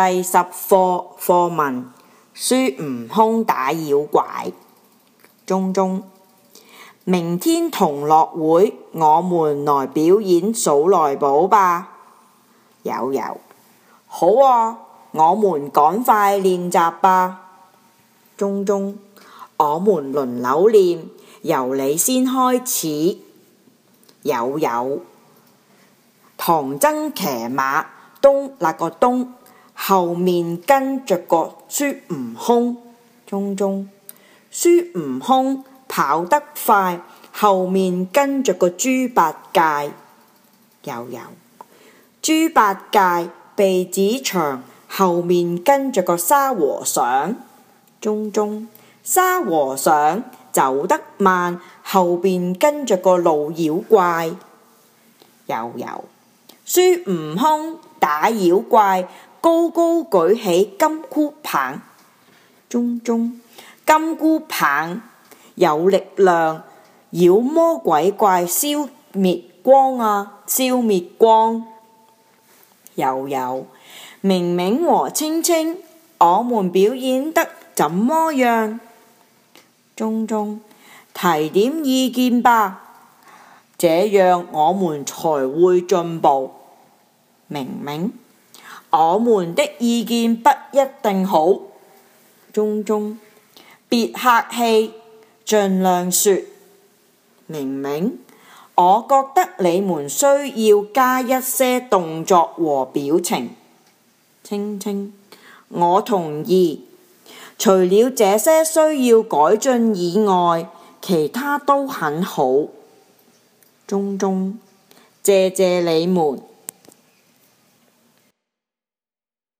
第十課課文《孫悟空打妖怪》。中中，明天同樂會，我們來表演《數來寶》吧。友友，好啊，我們趕快練習吧。中中，我們輪流練，由你先開始。友友，唐僧騎馬，東那個東。後面跟着個孫悟空。中中，孫悟空跑得快，後面跟着個豬八戒。又有，豬八戒鼻子長，後面跟着個沙和尚。中中，沙和尚走得慢，後面跟着個路妖怪。又有，孫悟空打妖怪。高高舉起金箍棒，中中，金箍棒，有力量，妖魔鬼怪消滅光啊！消滅光，又有明明和青青，我們表演得怎麼樣？中中，提點意見吧，這樣我們才會進步。明明。我們的意見不一定好，中中，別客氣，盡量説。明明，我覺得你們需要加一些動作和表情。青青，我同意。除了這些需要改進以外，其他都很好。中中，謝謝你們。